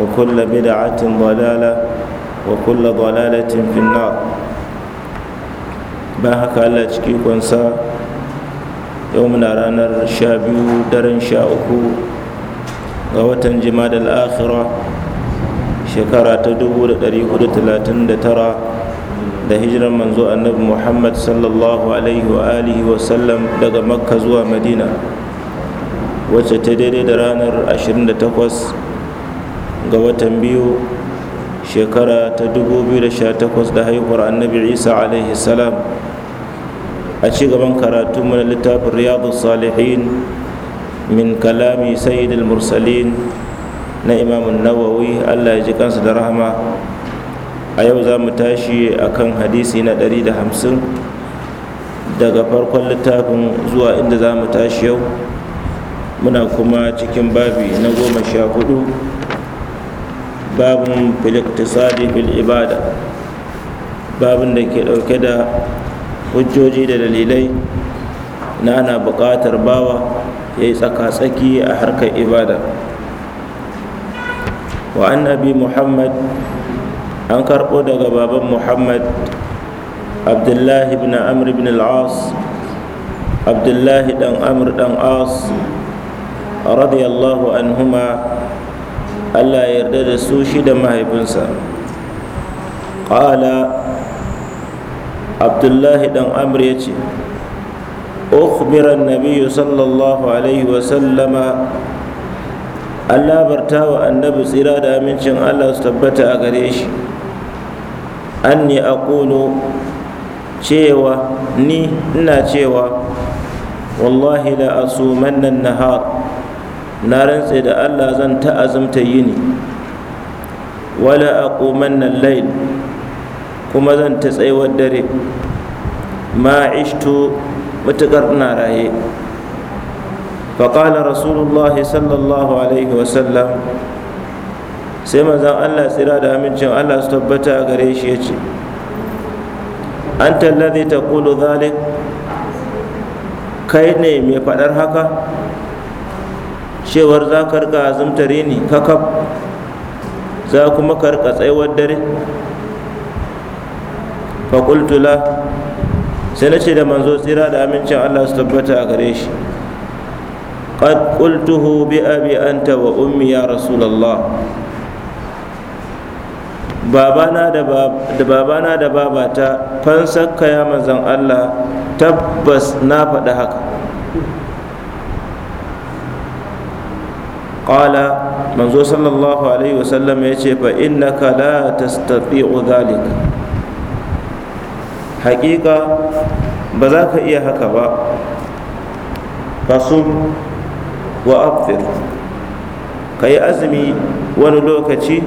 وكل بدعة ضلالة وكل ضلالة في النار باهك على تشكيك ونسا يومنا رانا شابيو درن شاؤكو غوتن جماد الآخرة شكرا تدبو لتريه لتلاتن لترى da hijirar manzo annabi muhammad sallallahu alaihi wa alihi wa sallam daga makka zuwa madina wacce ta daidai da ranar 28 ga watan biyu shekara ta 2018 da haihuwar annabi isa alaihi salam a ci gaban karatu mana littafin riyadu salihin min kalami sayyidul mursalin na imamun nawawi allah ya ji kansa da rahama a yau za mu tashi akan hadisi na 150 daga farkon littafin zuwa inda za mu tashi yau muna kuma cikin babi na goma sha hudu babin filiktisadi fil ibada babin da ke ɗauke da hujjoji da dalilai na ana buƙatar bawa ya yi tsaka-tsaki a harkar ibada wa annabi muhammad an karɓo daga baban muhammad abdullahi bin amr bin al'as abdullahi ɗan amr ɗan as radiyallahu anhuma Allah ya yarda da su shi da mahaifinsa ƙala abdullahi dan amr ya ce ukhbiran nabiyu sallallahu alaihi wasallama an wa annabi tsira da amincin allah su tabbata a gare shi an ne a cewa ni ina cewa wallahi la asumannan nahar na rantse da Allah zan ta azumta yini wala aqumanna al-layl kuma zan ta tsayuwar dare ma ishtu matuƙar ina raye faƙala rasulullah sallallahu alaihi wasallam sai manzan allah tsira da amincin allah su tabbata a gare shi ya ce an tallazi ta kulu zalik kai ne mai faɗar haka cewar za ka rika azumtare ni kakaf za kuma ka rika tsaiwar dare faƙultula sai na ce da manzo tsira da amincin allah su tabbata a gare shi qad qultuhu bi abi anta wa ummi ya rasulullah babana da babana da babata fansakka ya manzon allah tabbas na faɗi haka Ƙala manzo sallallahu alaihi wasallam ya ce fa innaka la tastati'u dhalika haƙiƙa ba za ka iya haka ba fasum wa afir ka yi azumi wani lokaci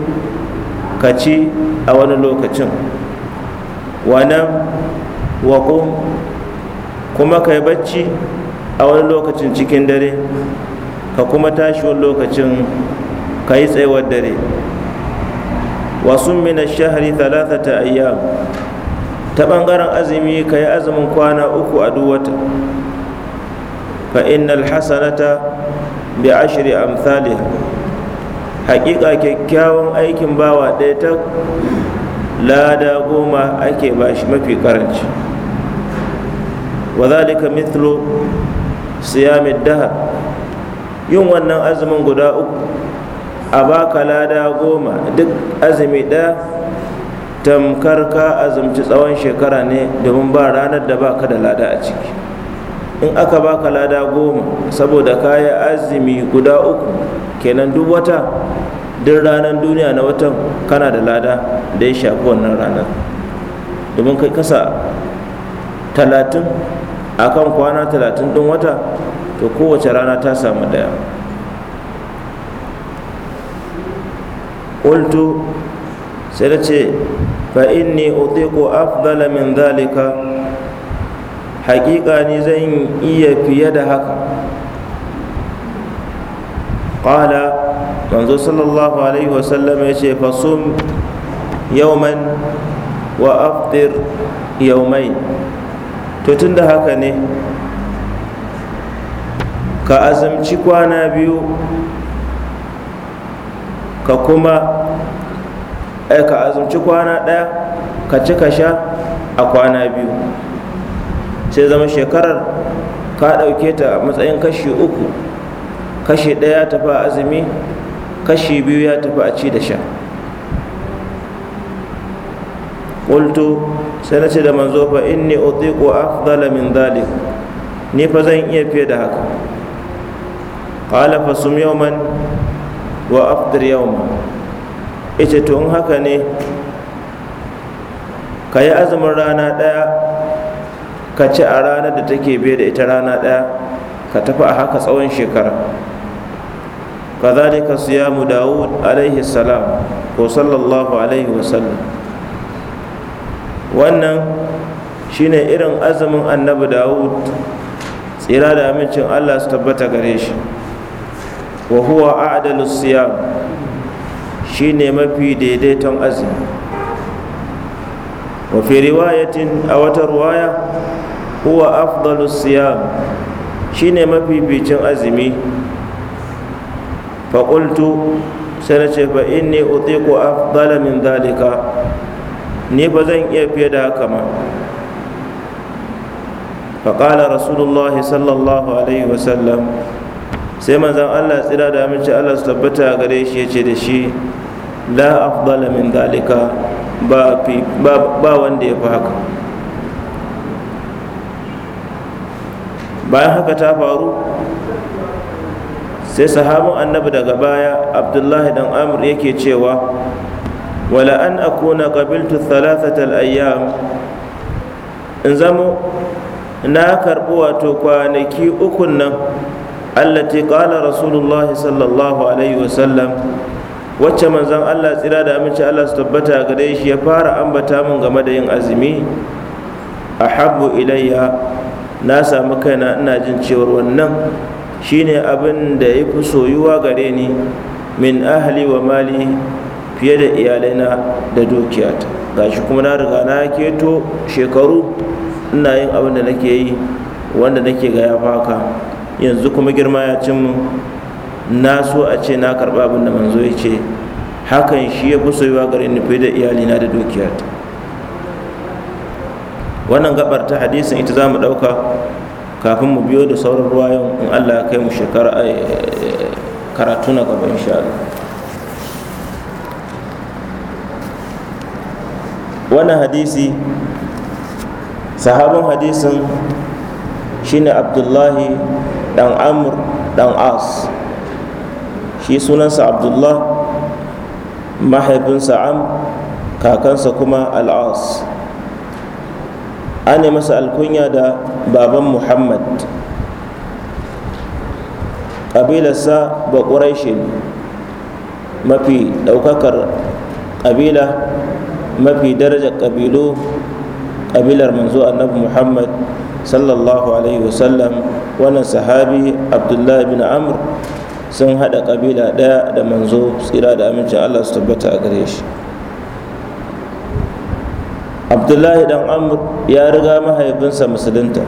ka ci a wani lokacin wanan waƙo kuma ka yi bacci a wani lokacin cikin dare ka kuma tashi lokacin ka yi tsayuwar dare wasu mina shahari ta ayya. ta ɓangaren azumi ka yi azumin kwana uku a duwata fa innal hasanata bi a misali haƙiƙa kyakkyawan aikin bawa ɗaya ta lada goma ake bashi mafi ƙaranci wa zalika mithlu siyamid dahar yin wannan azumin guda uku a baka lada goma duk azumi ɗaya tamkar ka azumci tsawon shekara ne domin ba ranar da baka da lada a ciki in aka baka lada goma saboda kaya azumi guda uku kenan duk wata duk ranar duniya na watan kana da lada da ya shafi wannan ranar domin kai kasa talatin akan kwana talatin ɗin wata to kowace rana ta samu daya qultu sai da ce fa inni utiqu afdala min dhalika haƙiƙa ni zan iya fiye da haka qala manzo sallallahu alaihi wasallam ya ce fa sum yawman wa aftir yawmain to tun da haka ne ka azumci kwana biyu ka kuma eh, ka azumci kwana ɗaya ka ci ka sha a kwana biyu sai zama shekarar ka ɗauke ta matsayin kashi uku kashi ɗaya ya tafi a azumi kashi biyu ya tafi a ci da sha ƙultu sai na ce da manzo fa inni utiqu afdala min dhalik ni fa zan iya fiye da haka qala fasum yawman wa aftir yawman ita to in haka ne ka yi azumin rana ɗaya ka ci a ranar da take biye da ita rana ɗaya ka tafi a haka tsawon shekara kazalika siyamu dawud alaihi salam ko sallallahu alaihi wasallam wannan shine irin azumin annabi dawud tsira da amincin allah su tabbata gare shi wa huwa a'dalu siyam shine mafi daidaiton azumi wa fi riwayatin a wata ruwaya huwa afdalu siyam shine mafi bicin azumi fa qultu sai na ce fa inni utiqu afdala min dhalika ni ba zan iya fiye da haka ma فقال رسول الله صلى الله عليه وسلم sai manzan Allah tsira da aminci Allah su tabbata gare shi ya ce da shi la afdala min dalika ba wanda ya fi haka bayan haka ta faru sai sahabin annabi daga baya abdullahi dan amur yake cewa wala an akuna qabiltu thalathatal ayyam in zamo na karbi wato kwanaki ukun nan allati qala rasulullah sallallahu alaihi sallam wacce manzon Allah tsira da aminci Allah su tabbata gare shi ya fara ambata mun game da yin azumi a Habu ilayya na samu kaina ina jin cewar wannan shine abin da ya fi soyuwa gare ni min ahli wa mali fiye da iyalaina da dukiyata gashi kuma na riga na keto shekaru ina yin abin da nake yi wanda nake ga ya faka yanzu kuma girma ya cin mu na so a ce na karɓa abin da manzo ya ce hakan shi ya fi soyuwa gare ni fi da iyalina da dukiyata wannan gabar ta hadisin ita za mu ɗauka kafin mu biyo da sauran ruwayan in allah ya kai mu shekara eh, karatu na gaba insha wannan hadisi sahabin hadisin shine abdullahi dan amur dan as shi sunansa abdullah mahaifinsa am kakansa kuma al'as ana masa alkunya da baban muhammad ƙabilarsa ba ƙuraishe mafi ɗaukakar ƙabila mafi darajar ƙabilu ƙabilar manzo annabi muhammad sallallahu alaihi wasallam wannan sahabi abdullahi bin amr sun haɗa ƙabila ɗaya da manzo tsira da amincin allah su tabbata a gare shi abdullahi dan amr ya riga mahaifinsa musulunta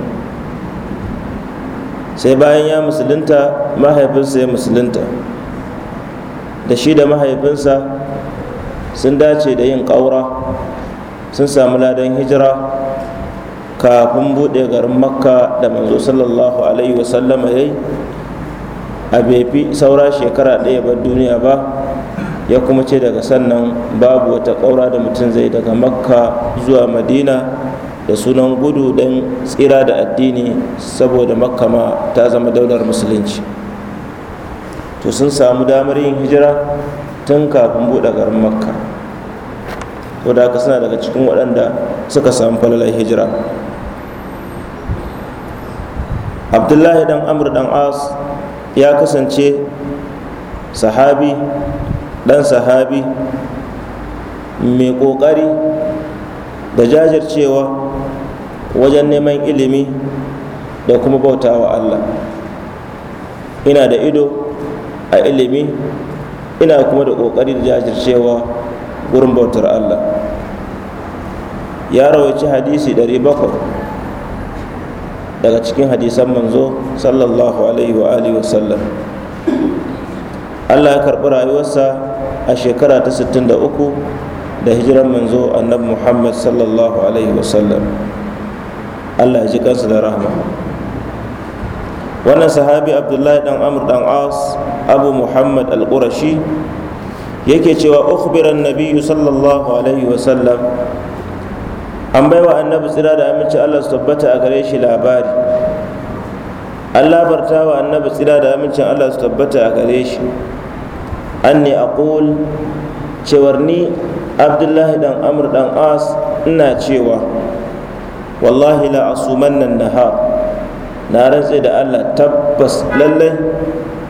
sai bayan ya musulunta mahaifinsa ya musulunta da shi da mahaifinsa sun dace da yin ƙaura sun samu ladan hijira kafin buɗe garin makka da manzo sallallahu alaihi wasallam ya yi a befi saura shekara ɗaya bar duniya ba ya kuma ce daga sannan babu wata ƙaura da mutum zai daga makka zuwa madina da sunan gudu don tsira da addini saboda makka ma ta zama daular musulunci to sun samu damar yin hijira tun kafin buɗe garin makka wadda aka suna daga cikin waɗanda suka samu falalar hijira abdullahi dan amr dan as ya kasance sahabi dan sahabi mai ƙoƙari da jajircewa wajen neman ilimi da kuma bautawa Allah ina da ido a ilimi ina kuma da ƙoƙari da jajircewa gurin bautar Allah ya rawaci hadisi 700 daga cikin hadisan manzo sallallahu alaihi wa alihi wasallam Allah ya karɓi rayuwarsa a shekara ta 63 da hijiran manzo annabi Muhammad sallallahu alaihi wasallam Allah ya ji kansa da rahama wannan sahabi abdullahi dan amr dan as abu muhammad al-qurashi yake cewa ukhbira an-nabiy sallallahu alaihi wasallam an baiwa annabi tsira da aminci allah su tabbata a gare shi labari an labarta wa annabi tsira da amincin allah su tabbata a gare shi an ne a cewar ni abdullahi dan amur dan as ina cewa wallahi la asuman nan nahar na rantse da allah tabbas lallai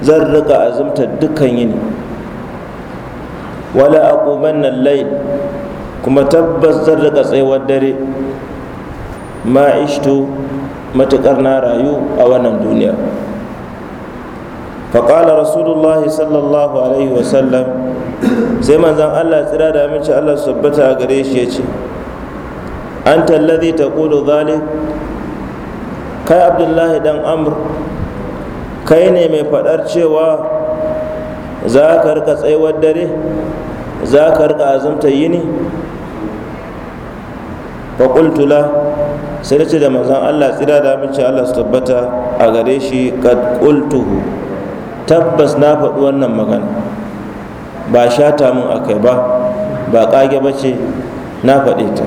zan riga azumta dukkan yini wala aquman nan lail kuma tabbas zan riƙa tsayuwar dare ma ishto matuƙar na rayu a wannan duniya faƙala rasulullah sallallahu alaihi wasallam sai manzan allah tsira da aminci allah su tabbata a gare shi ya ce an tallazi ta ƙudu zalik kai abdullahi dan amur kai ne mai faɗar cewa za ka rika tsayuwar dare za ka rika azumta yini faƙultu sai da ce da manzan allah tsira da amince allah su tabbata a gare shi kad ƙultuhu tabbas na faɗi wannan magana ba shata ta a kai ba ba ƙage ba ce na faɗe ta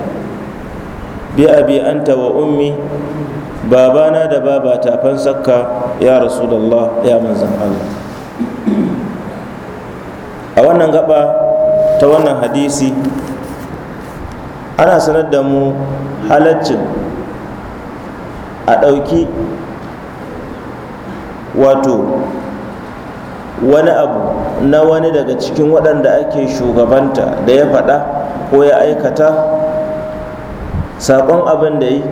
bi abi anta wa ummi babana da baba ta fansakka ya rasu Allah ya manzan allah a wannan gaba ta wannan hadisi ana sanar da mu halaccin a ɗauki wato wani abu na wani daga cikin waɗanda ake shugabanta da ya faɗa ko ya aikata saƙon abin da yi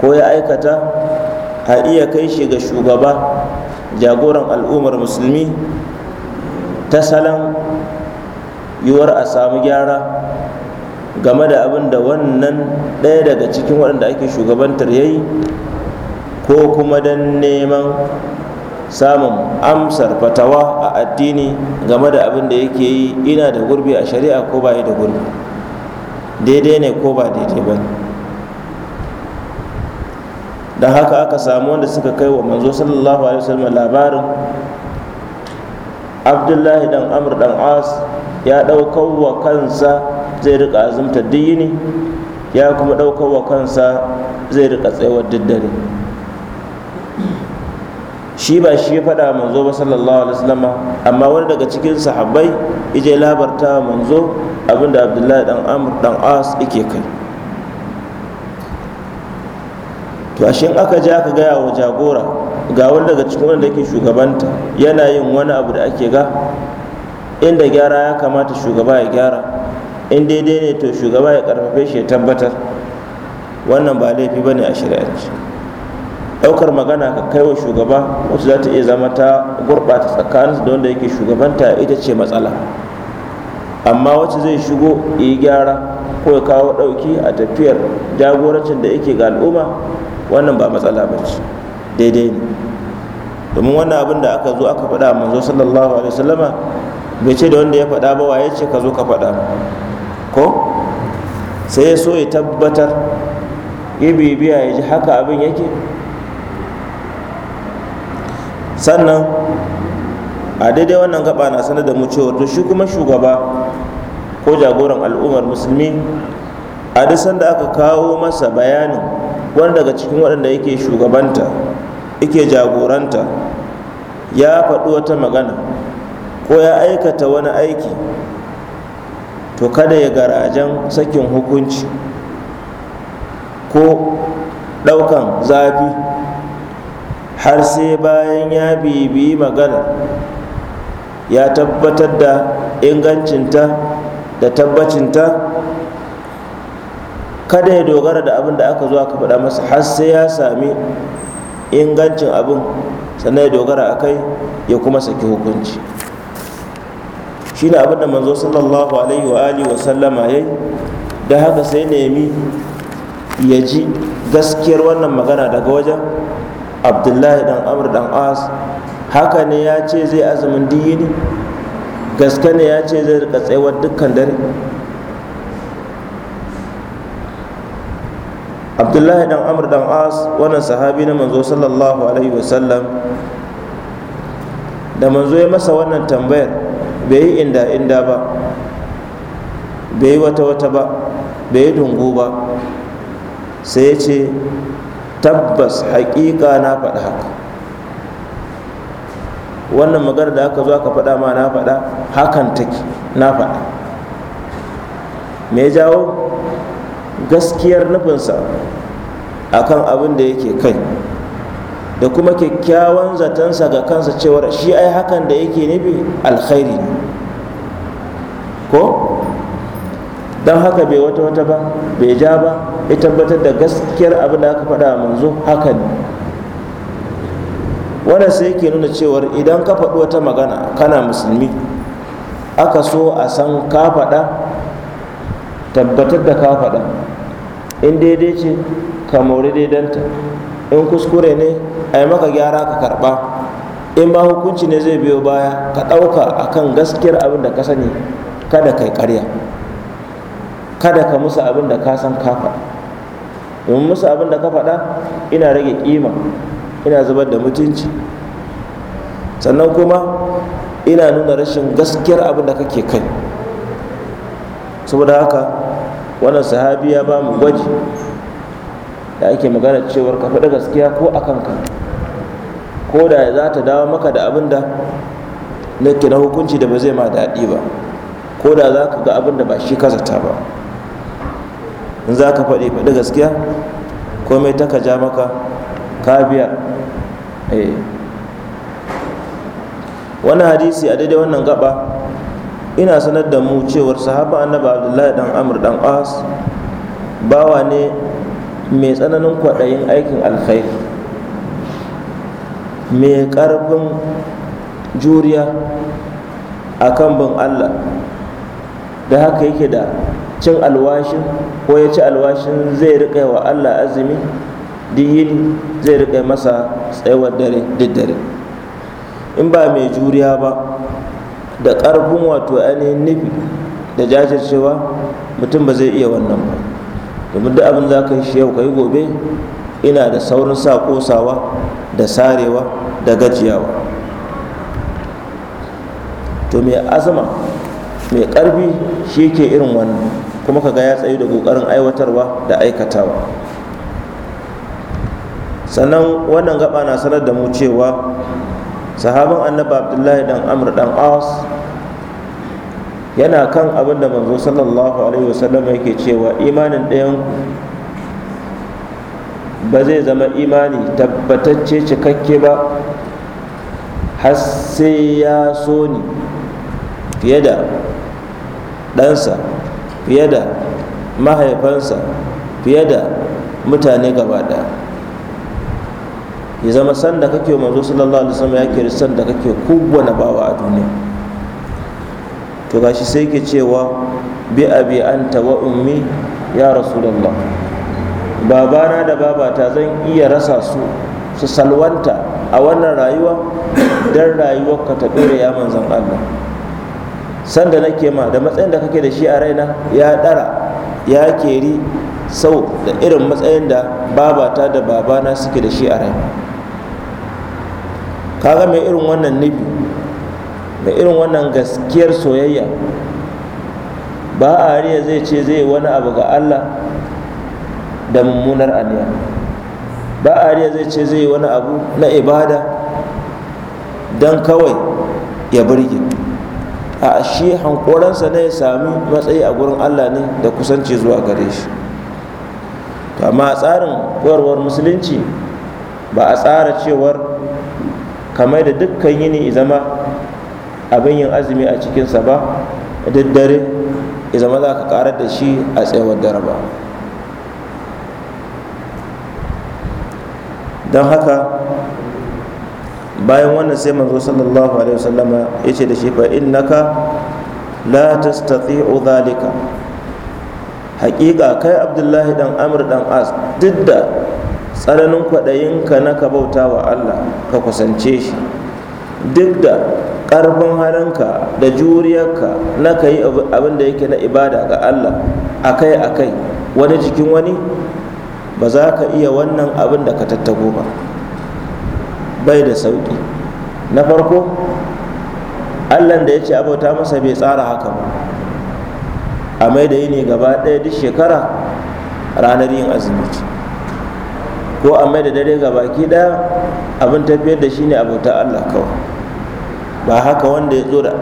ko ya aikata a iya kai shi ga shugaba jagoran al'ummar musulmi ta salon yiwuwar a samu gyara game da abin da wannan ɗaya daga cikin waɗanda ake shugabantar ya yi ko kuma don neman samun amsar fatawa a addini game da abin da yake yi ina da gurbi a shari'a ko ba da gurbi daidai ne ko ba daidai ba Da haka aka samu wanda suka kai wa manzo sallallahu alaihi wasallam labarin abdullahi dan amr dan as ya ɗaukar wa kansa zai rika azumta duk yini ya kuma ɗaukar wa kansa zai rika tsayawar daddare shi ba shi ya faɗa manzo ba sallallahu alaihi wasallama amma wani daga cikin sahabbai ije labarta manzo abinda abdullahi dan amr dan as yake kai to ashe in aka je aka gaya wa jagora ga wani daga cikin wanda yake shugabanta yana yin wani abu da ake ga inda gyara ya kamata shugaba ya gyara in daidai ne to shugaba ya karfafe shi ya tabbatar wannan ba laifi ba ne a shari'arci ɗaukar magana ka kai wa shugaba wacce za ta iya zama ta gurɓata tsakanin da wanda yake shugabanta ita ce matsala amma wacce zai shigo ya yi gyara ko ya kawo ɗauki a tafiyar jagorancin da yake ga al'umma wannan ba matsala ba ce daidai ne domin wannan abin da aka zo aka faɗa manzo sallallahu alaihi wasallama bai ce da wanda ya faɗa ba waye ce ka zo ka faɗa ko sai ya so ya tabbatar ya bibiya ya ji haka abin yake sannan a daidai wannan gaba na sanar da mu cewa to shi kuma shugaba ko jagoran al'ummar musulmi a duk sanda aka kawo masa bayanin wani daga cikin waɗanda yake shugabanta yake jagoranta ya faɗi wata magana ko ya aikata wani aiki to kada ya garajen sakin hukunci ko ɗaukan zafi har sai bayan ya bibiyi magana ya tabbatar da ingancinta da tabbacinta kada ya dogara da abin da aka zo aka faɗa masa har sai ya sami ingancin abin sannan ya dogara a kai ya kuma saki hukunci shine abin da manzo sallallahu alaihi wa alihi wa sallama yayi da haka sai nemi ya ji gaskiyar wannan magana daga wajen abdullahi dan amr dan as haka ne ya ce zai azumin diyini gaske ne ya ce zai rika tsayuwar dukkan dare abdullahi dan amr dan as wannan sahabi na manzo sallallahu alaihi wa sallam da manzo ya masa wannan tambayar bai yi inda inda ba bai yi wata wata ba bai yi dungu ba sai ya ce tabbas haƙiƙa na faɗa haka wannan maganar da aka zo ka faɗa ma na faɗa hakan take na faɗa me jawo gaskiyar nufinsa akan abin da yake kai da kuma kyakkyawan zatonsa ga kansa cewar shi ai hakan da yake nufi alkhairi ne ko don haka bai wata wata ba bai ja ba ya tabbatar da gaskiyar abin da aka faɗa manzo haka ne wannan sai yake nuna cewar idan ka faɗi wata magana kana musulmi aka so a san ka faɗa tabbatar da ka faɗa in daidai ce ka mori daidanta in kuskure ne a yi maka gyara ka karɓa in ba hukunci ne zai biyo baya ka ɗauka akan gaskiyar abin da ka sani kada kai karya kada ka musu abin da ka san kafa faɗa domin musu abin da ka faɗa ina rage ƙima ina zubar da mutunci sannan kuma ina nuna rashin gaskiyar abin da kake kai saboda haka wannan sahabi ya ba mu gwaji da ake magana cewar ka faɗi gaskiya ko a kanka ko da za ta dawo maka da abin da na hukunci da ba zai ma daɗi ba ko da za ka ga abin da ba shi ka ba in za ka faɗi faɗi gaskiya komai ta ka ja maka ka biya eh. wani hadisi a daidai wannan gaba ina sanar da mu cewar sahaba annabi abdullahi dan amr dan as bawa ne mai tsananin kwaɗayin aikin alkhairi mai ƙarfin juriya a kan bin allah da haka yake da cin alwashin ko ya ci alwashin zai riƙa wa Allah azumi diyin zai riƙa masa tsayawar dare daddare in ba mai juriya ba da ƙarfin wato ainihin nufi da jajircewa mutum ba zai iya wannan ba domin duk abin za ka yi shi yau ka yi gobe ina da saurin sa kosawa da sarewa da gajiyawa to mai azama mai ƙarfi shi ke irin wannan kuma ka ga ya tsayu da ƙoƙarin aiwatarwa da aikatawa sannan wannan gaba na sanar da mu cewa sahabin annabi abdullahi dan amr dan as yana kan abin da manzo sallallahu alaihi wasallam yake cewa imanin ɗayan ba zai zama imani tabbatacce cikakke ba har sai ya so ni fiye da ɗansa fiye da mahaifansa fiye da mutane gaba ɗaya ya zama sanda kake manzo sallallahu alaihi wasallam ya kiri sanda kake kowane bawa a duniya to gashi sai ke cewa bi abi anta wa ummi ya rasulullah babana da babata zan iya rasa su su salwanta a wannan rayuwa don rayuwar ka ta dore ya manzon Allah sanda nake ma da matsayin da kake da shi a raina ya dara ya keri sau da irin matsayin da babata da babana suke da shi a raina kaga mai irin wannan nufi mai irin wannan gaskiyar soyayya ba a riya zai ce zai yi wani abu ga allah da mummunar aniya ba a riya zai ce zai yi wani abu na ibada don kawai ya birge a shi hankoransa na ya sami matsayi a gurin allah ne da kusanci zuwa gare shi to amma a tsarin koyarwar musulunci ba a tsara cewar kamar da dukkan yini zama abin yin azumi a cikinsa ba duk dare zama za ka karar da shi a tsayawar dare ba don haka bayan wannan sai manzo sallallahu alaihi wasallama yace da shi fa innaka la tastati'u dhalika haƙiƙa kai abdullahi dan amr dan as duk da tsananin kwaɗayinka na ka bauta wa allah ka kusance shi duk da ƙarfin halinka da juriyarka na ka yi abin da yake na ibada ga allah akai akai wani jikin wani ba za ka iya wannan abin da ka tattago ba bai da sauƙi na farko allan da ya ce abota masa bai tsara haka ba a mai da ne gaba ɗaya duk shekara ranar yin azumi ko a mai da dare baki ɗaya abin tafiyar da shi ne abota allah kawai ba haka wanda ya zo da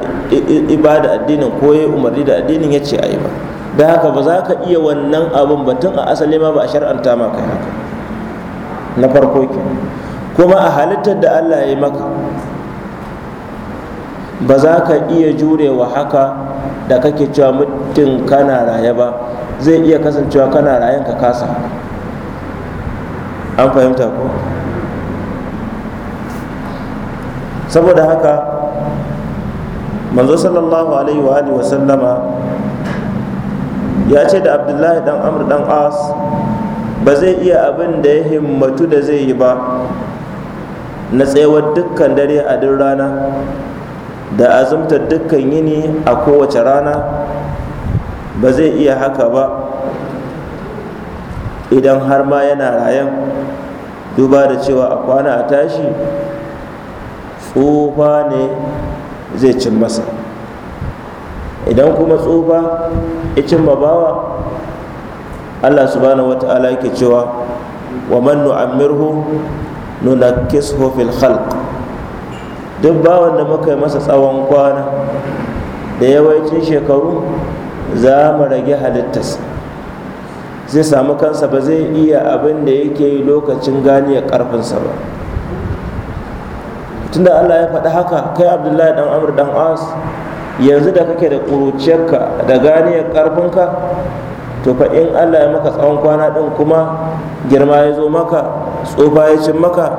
ibada addinin ko ya umarni da addinin ya ce a yi ba da haka ba za ka iya wannan abin batun a asali ma ba a shar'anta ma kai haka na farko kenan kuma a halittar da allah ya yi maka ba za ka iya jurewa haka da kake cewa mutum kana raye ba zai iya kasancewa kana rayen ka kasa an fahimta ko saboda haka manzo sallallahu alaihi wa alihi wasallama ya ce da abdullahi dan amr dan as ba zai iya abin da ya himmatu da zai yi ba na tsayawar dukkan dare a duk rana da azumtar dukkan yini a kowace rana ba zai iya haka ba idan har ma yana rayan duba da cewa a kwana a tashi tsufa ne zai cin masa idan kuma tsufa ya cin bawa allah subhanahu wa ta'ala yake cewa wa mannu amirhu nuna kishofin halk duk bawan da muka yi masa tsawon kwana da yawancin shekaru za mu rage halittas zai samu kansa ba zai iya abin da yake yi lokacin gani a karfinsa ba tunda Allah ya faɗi haka kai abdullahi dan amur dan as yanzu da kake da ƙuruciyarka da gani ganiyar karfinka to fa in Allah ya maka tsawon kwana ɗin kuma girma ya zo maka tsofa ya cin maka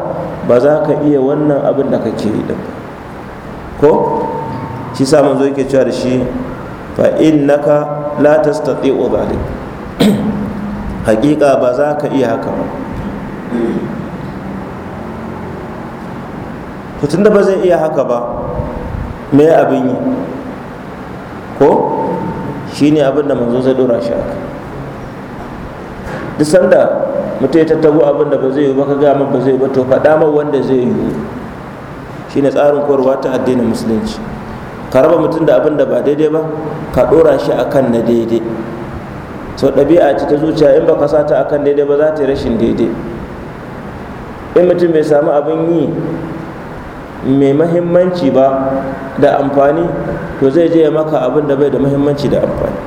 ba za ka iya wannan abin da kake yi din ko shi sa manzo yake cewa da shi fa innaka la tastati'u dhalik hakika ba za ka iya haka ba to tunda ba zai iya haka ba me abin yi ko shine abin da manzo zai dora shi haka duk sanda mutum ya tattabo abin da ba zai yi ba ka gama ba zai ba to faɗa ma wanda zai yi shine tsarin koyarwa ta addinin musulunci ka raba mutum da abin da ba daidai ba ka ɗora shi akan na daidai so ɗabi'a ce ta zuciya in ba ka sata akan daidai ba za ta yi rashin daidai in mutum bai samu abin yi mai mahimmanci ba da amfani to zai je ya maka abin da bai da mahimmanci da amfani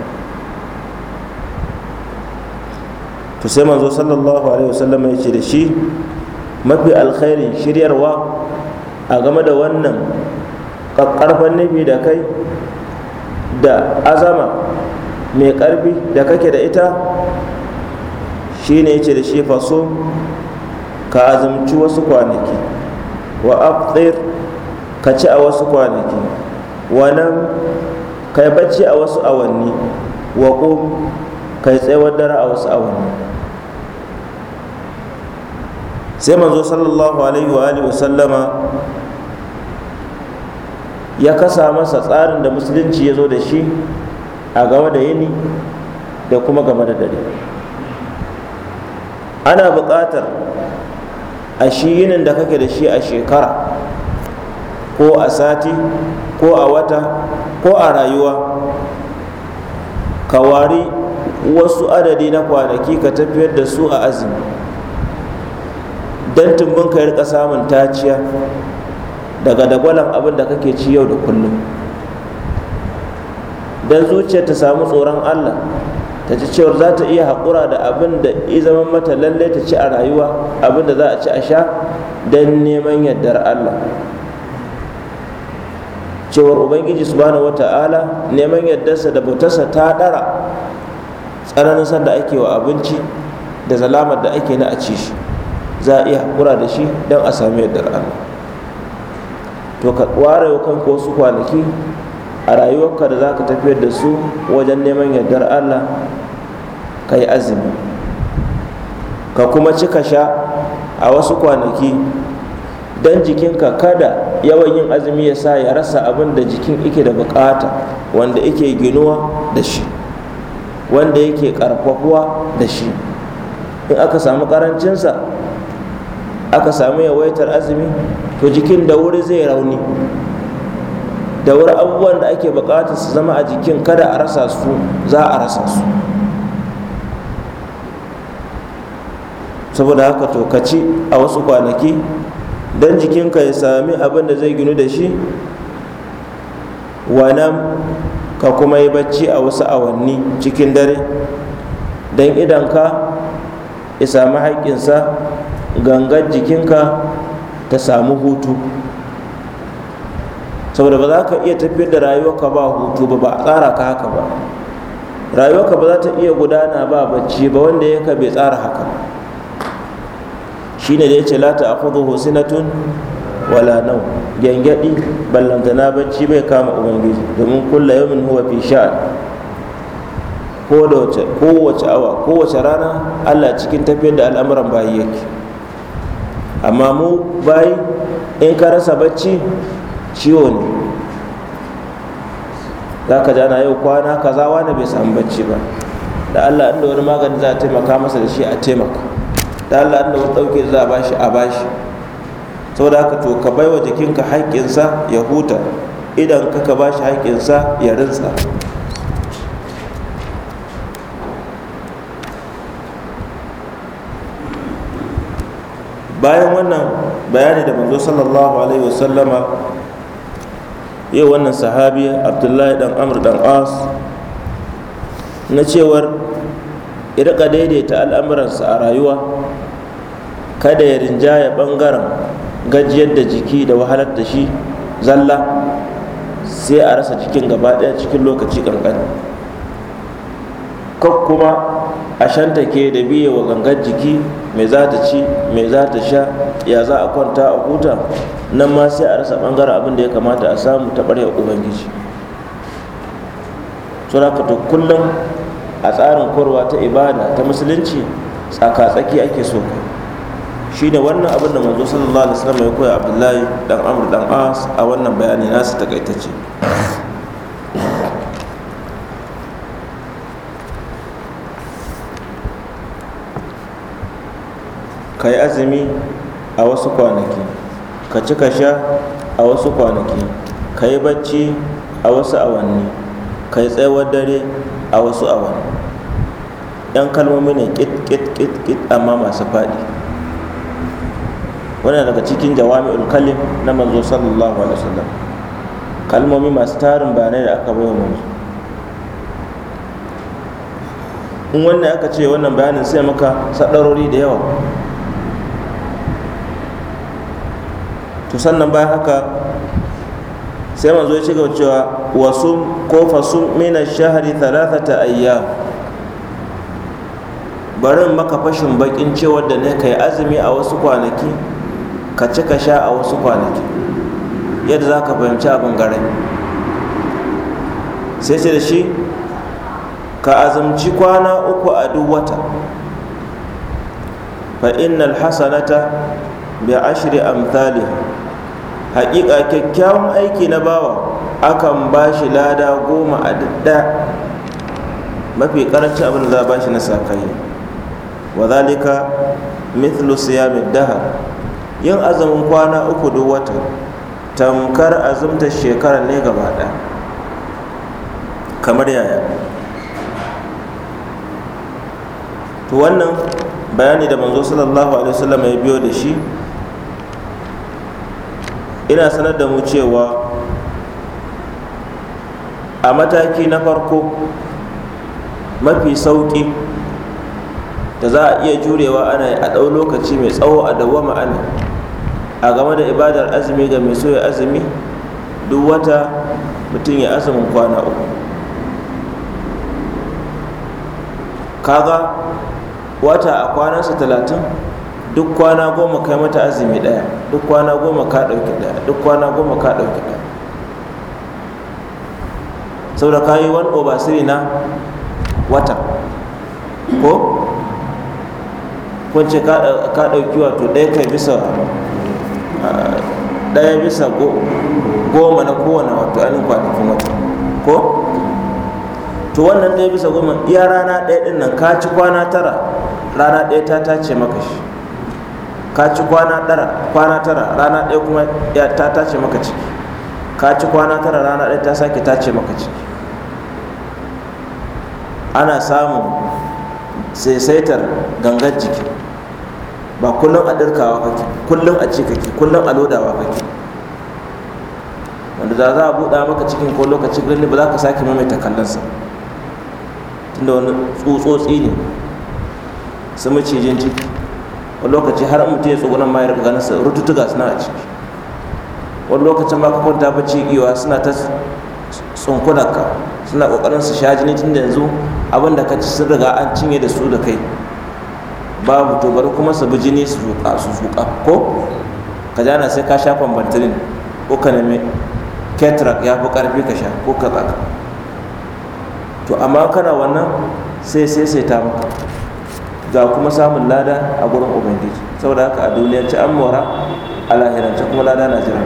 to sai manzo sallallahu alaihi wasallam ya ce da shi mafi alkhairin shiryarwa a game da wannan ƙarfan nabi da kai da azama mai ƙarfi da kake da ita shi ne ce da shi faso ka azumci wasu kwanaki wa afdir ka ci a wasu kwanaki wa nan ka yi bacci a wasu awanni wa ƙum ka yi tsayawar dare a wasu awanni sai manzo sallallahu alaihi wa alihi sallama ya kasa masa tsarin da musulunci ya zo da shi a game da yini da kuma game da dare ana buƙatar a shi yinin da kake da shi a shekara ko a sati ko a wata ko a rayuwa ka wari wasu adadi na kwanaki ka tafiyar da su a azumi don tumbin ka rika samun taciya daga dagwalon abin da kake ci yau da kullum don zuciyar ta samu tsoron allah ta ci cewar za ta iya haƙura da abin da i zama mata lallai ta ci a rayuwa abin da za a ci a sha don neman yardar allah cewar ubangiji subhanahu wata'ala neman yardarsa da bautarsa ta ɗara tsananin sanda ake wa abinci da zalamar da ake na a ci shi za a iya haƙura da shi don a sami yardar Allah to ka ware wa kanka wasu kwanaki a rayuwarka da za ka tafiyar da su wajen neman yardar Allah ka yi azumi ka kuma ci ka sha a wasu kwanaki don jikinka kada yawan yin azumi ya sa ya rasa abin da jikin ike da bukata wanda ike ginuwa da shi wanda yake karfafuwa da shi in aka samu karancinsa aka samu yawaitar azumi to jikin da wuri zai rauni da wuri abubuwan da ake bukatar su zama a jikin kada a rasa su za a rasa su saboda haka to ka ci a wasu kwanaki don ka ya sami abin da zai ginu da shi wana ka kuma yi bacci a wasu awanni cikin dare don ka ya sami haƙƙinsa gangan jikinka ta samu hutu saboda ba za ka iya tafiyar da rayuwarka ba hutu ba ba a tsara ka haka ba rayuwarka ba za ta iya gudana ba bacci ba wanda ya ka bai tsara haka shine da ya ce lata a kudu hosinatun wala nau gyangyaɗi ballantana bacci bai kama ubangiji domin kulla min huwa fi sha'an kowace awa kowace rana allah cikin tafiyar da al'amuran bayi yake amma mu bayi in ka rasa bacci ciwo ne za ka jana yau kwana kaza wani bai samu bacci ba da allah inda wani magani za a taimaka masa da shi a taimaka da allah inda wani ɗauke za a bashi a bashi saboda haka to ka baiwa jikinka haƙƙinsa ya huta idan ka ka bashi haƙƙinsa ya rinsa bayan wannan bayani da manzo sallallahu alaihi wasallama yau wannan sahabi abdullahi dan amr dan as na cewar irka daidaita al'amuransa a rayuwa kada ya rinjaya bangaren gajiyar da jiki da wahalar da shi zalla sai a rasa jikin gaba ɗaya cikin lokaci ƙanƙana, ko kuma a ke da biye wa gangar jiki mai za ta ci mai za ta sha ya za a kwanta a huta nan ma sai a rasa bangaren abin da ya kamata a samu ta ɓarya ubangiji suraka kullum a tsarin korwa ta ibada ta musulunci tsaka-tsaki ake so shi ne wannan abin da manzo sallallahu alaihi wasallam ya koya abdullahi dan amr dan as a wannan bayani nasu takaitacce ka yi azumi a wasu kwanaki ka ci ka sha a wasu kwanaki ka yi bacci a wasu awanni ka yi tsayawar dare a wasu awanni yan kalmomi ne kit kit kit kit amma masu faɗi wannan daga cikin jawami kalim na manzo sallallahu alaihi wasallam kalmomi masu tarin bayanai da aka bai wa manzo in wannan aka ce wannan bayanin sai maka sadarori da yawa to sannan bayan haka sai manzo ya ci gaba cewa wasu ko fasu mina shahari Talata ta Ayya. barin maka fashin bakin cewar da ne yi azumi a wasu kwanaki ka ci ka sha a wasu kwanaki yadda za ka fahimci abin gare sai ce da shi ka azumci kwana uku a duk wata fa innal hasanata bi ashri amthaliha haƙiƙa kyakkyawan aiki na bawa akan ba shi lada goma a dadda mafi karanci abin da za a ba shi na sakayi wa zalika mithlu siyami dahar yin azumin kwana uku duk wata tamkar azumta shekara ne gaba kamar yaya to wannan bayani da manzo sallallahu alaihi wasallam ya biyo da shi ina sanar da mu cewa a mataki na farko mafi sauƙi da za a iya jurewa ana a ɗau lokaci mai tsawo a dawwama ana a game da ibadar azumi ga mai soya azumi duk wata mutum ya azumin kwana uku kaga wata a kwanansa talatin duk kwana goma kai mata azumi ɗaya duk kwana goma ka ɗauki ɗaya duk kwana goma ka ɗauki ɗaya saboda ka yi wani obasiri na wata ko kwance ka ɗauki wato ɗaya kai bisa ɗaya bisa goma na kowane wato ainihin kwanakin wata ko to wannan ɗaya bisa goma iya rana ɗaya ɗin nan ka ci kwana tara rana ɗaya ta tace maka shi ka ci kwana tara rana ɗaya kuma ta tace maka ciki ka ci kwana tara rana ɗaya ta sake tace maka ciki ana samun saisaitar gangar jiki ba kullum a dirkawa kake kullum a ci kake kullum a lodawa kake wanda za a buɗa maka cikin ko lokaci birni ba za ka sake maimaita kallonsa tunda wani tsutsotsi ne su macijin ciki wani lokaci har mutum ya tsogonan ma ya rika ganin sa rututtuka suna a ciki wani lokacin ma ka kwanta bacci cikiwa suna ta tsunkunanka suna kokarin su sha jini tun da yanzu abin da ka ci sun riga an cinye da su da kai babu to bari kuma su bi jini su zuƙa su zuƙa ko ka jana sai ka sha kwambantirin ko ka nemi ketrak ya fi ƙarfi ka sha ko ka to amma kana wannan sai sai sai ta maka ga kuma samun lada a gurin ubangiji saboda haka a ci an mora a lahirance kuma lada na jiran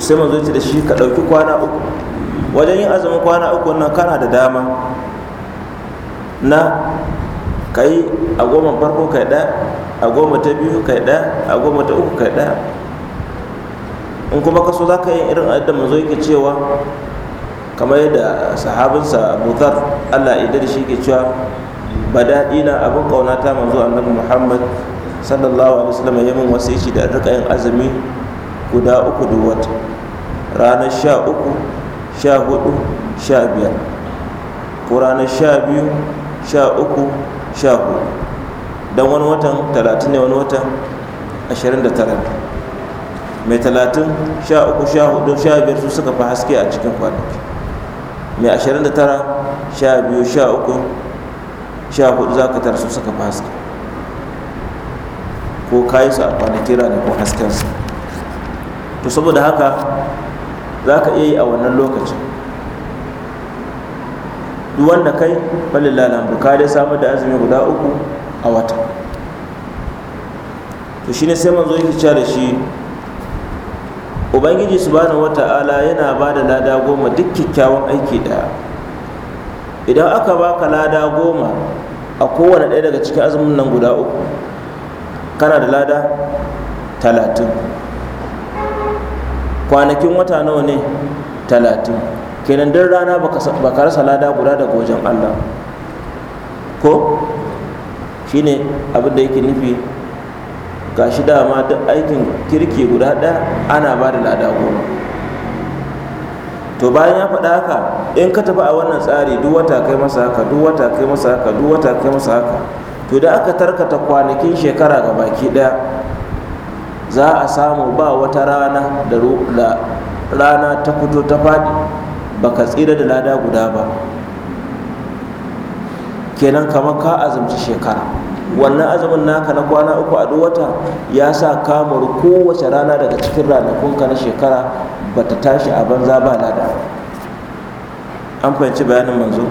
sai manzo ce da shi ka ɗauki kwana uku wajen yin azumin kwana uku nan kana da dama na ka yi a goma farko kai ɗaya a goma ta biyu kai ɗaya a goma ta uku kai ɗaya in kuma kaso za ka yi irin da zo yake cewa kamar yadda sahabinsa abu zar allah idar shi ke cewa daɗi na abin ƙaunata zuwa annabi muhammad sallallahu alaihi wasallam ya min wasici da rika yin azumi guda uku da wata ranar sha uku sha hudu sha biyar ko ranar sha biyu sha uku sha hudu don wani watan talatin ne wani watan ashirin da tara mai talatin sha uku sha hudu sha biyar su suka fi haske a cikin kwanaki mai ashirin da tara sha biyu sha uku sha hudu za ka tara su suka fi ko kayi su a kwanaki ranakun haskensu to saboda haka za ka iya yi a wannan lokacin duk wanda kai falilla ka dai samar da azumi guda uku a wata to shine sai manzo yake cewa da shi ubangiji subhanahu wata'ala yana ba da lada goma duk kyakkyawan aiki daya idan aka baka lada goma a kowane ɗaya daga cikin azumin nan guda uku kana da lada talatin kwanakin wata nawa ne talatin kenan duk rana baka rasa lada guda daga wajen allah ko shine abin da yake nufi gashi dama duk aikin kirki guda ɗaya ana ba da lada goma to bayan ya faɗa haka in ka tafi a wannan tsari duk wata kai masa haka duk wata kai masa haka duk wata kai masa haka to da aka tarkata kwanakin shekara ga baki ɗaya za a samu ba wata rana da rana ta fito ta faɗi baka tsira da lada guda ba kenan kamar ka azumci shekara wannan azumin naka na kwana uku a duk wata ya sa kamar kowace rana daga cikin ranakunka na shekara ba ta tashi a banza ba lada an fahimci bayanin manzo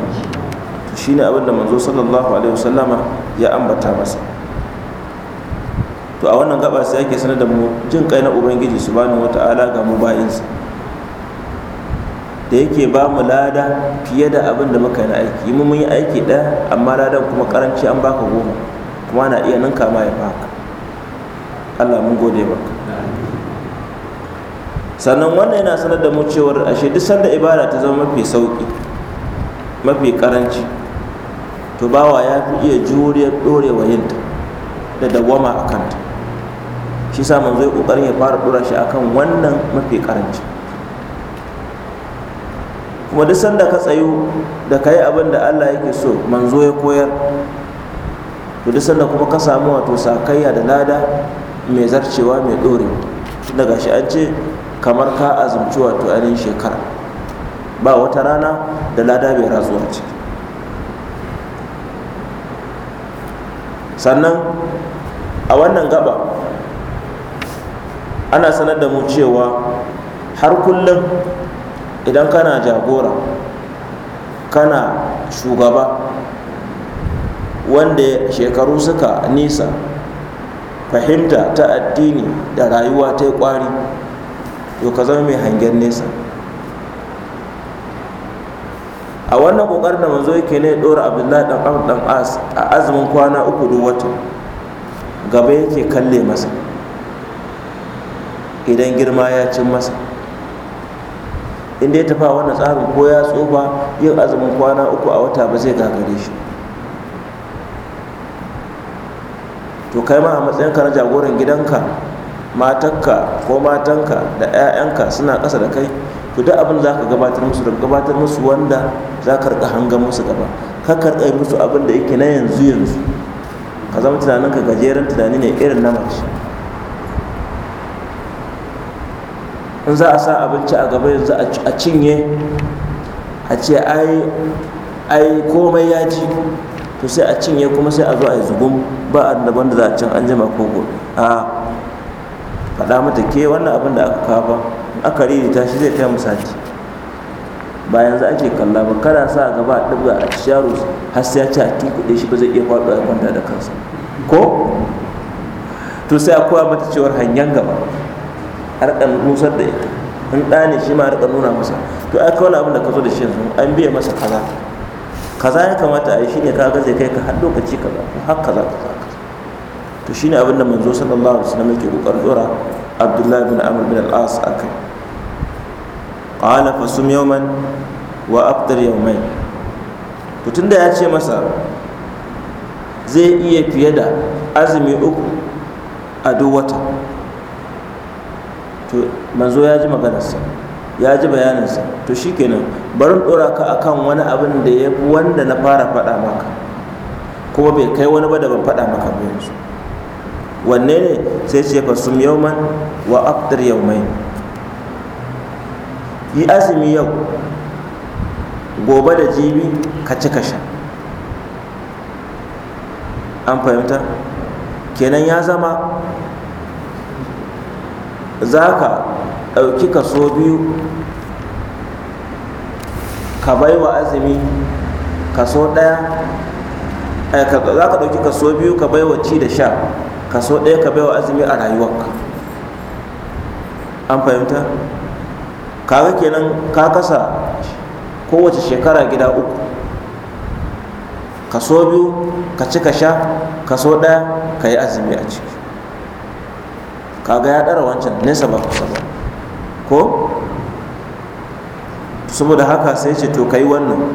shine abin da manzo sallallahu alaihi wasallama ya ambata masa to a wannan gaba sai ake sanar da mu jin kai na ubangiji subhanahu wata'ala ga mu bayinsa da yake ba mu lada fiye da abin da muka yi na aiki mun yi aiki ɗaya amma ladan kuma karanci an baka goma kuma na iya ninka ma ya baka Allah mun gode maka sannan wannan yana sanar da mu cewar ashe duk sanda ibada ta zama mafi sauki mafi karanci to bawa ya fi iya juriyar dorewa yinta da dawwama a kanta shi sa manzo ya ƙoƙarin ya fara dora shi akan wannan mafi karanci kuma duk sanda ka tsayu da ka yi abin da Allah yake so manzo ya koyar to duk sanda kuma ka samu wato sakayya da lada mai zarcewa mai dore tunda gashi an ce kamar ka azumci wato ainihin shekara ba wata rana da lada bai ratsuwa ciki sannan a wannan gaba ana sanar da mu cewa har kullum idan kana jagora kana shugaba wanda shekaru suka nisa fahimta ta addini da rayuwa ta kwari to ka zama mai hangen nesa a wannan kokarin da manzo yake ne dora abdullahi dan amr dan as a azumin kwana uku duk wata gaba yake kalle masa idan girma ya cin masa inda ya tafa wannan tsarin ko ya tsufa yin azumin kwana uku a wata ba zai gagare shi to kai ma a matsayinka na jagoran gidanka matakka ko matanka da 'ya'yanka suna ƙasa da kai to duk abin za ka gabatar musu da gabatar musu wanda za ka rika hangar musu gaba ka karɓa musu abin da yake na yanzu yanzu ka zama tunaninka gajeren tunani ne irin na mace in za a sa abinci a gaba yanzu a cinye a ce ai komai ya ci to sai a cinye kuma sai a zo a yi zugum ba a da za a cin an jima ko gobe a faɗa mata ke wannan abin da aka kawo aka ririta shi zai kai misali ba yanzu ake kalla ba kada sa gaba a ɗabga a ci yaro har sai ya ci a kuɗe shi ba zai iya faɗo a kwanta da kansa ko to sai a koya mata cewar hanyar gaba a riƙa nusar da ita in ɗa ne shi ma a riƙa nuna masa to ai kawai abin da ka zo da shi yanzu an biya masa kaza kaza ya kamata a yi shine ka zai kai ka har lokaci kaza har kaza kaza to shine abin da manzo sallallahu alaihi wasallam yake kokarin dora Abdullahi bin Amr bin Al-As akai qala sum yawman wa aftar yawmain to tunda ya ce masa zai iya fiye da azumi uku a duk wata to manzo ya ji maganarsa ya ji bayaninsa to shikenan barin ɗora ka akan wani abin da ya fi wanda na fara faɗa maka kuma bai kai wani ba da ban faɗa maka ba yanzu wanne ne sai ce fa sum yawman wa aftar yawmai yi azumi yau gobe da jibi ka ci ka sha an fahimta kenan ya zama za ka ɗauki kaso biyu ka bai wa azumi kaso ɗaya eh, za ka ɗauki kaso biyu ka bai wa ci da sha kaso ɗaya ka bai wa azumi a rayuwarka an fahimta kaga kenan ka kasa kowace shekara gida uku kaso biyu ka ci ka sha kaso ɗaya ka yi azumi a ciki kaga ya ɗara wancan nesa ba kusa ba ko saboda haka sai ce to kai wannan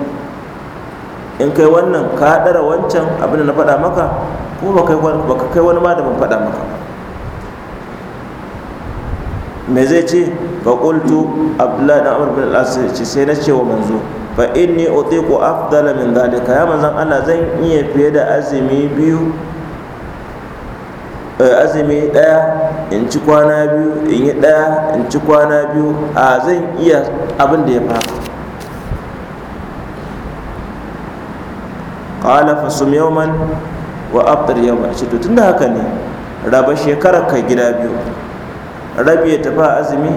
in kai wannan ka ɗara wancan abin da na faɗa maka ko baka kai wani ma da ban faɗa maka me zai ce fa qultu abdullahi da amr bin al-as ce sai na ce wa manzo fa inni utiqu afdala min dhalika ya manzan Allah zan iya fiye da azumi biyu Eh, azumi ɗaya in ci kwana biyu in yi ɗaya in ci kwana biyu a zan iya abin da ya faru ƙala sum yawman wa aftar yauman ce to tunda haka ne raba shekarar ka gida biyu rabi ya tafi azumi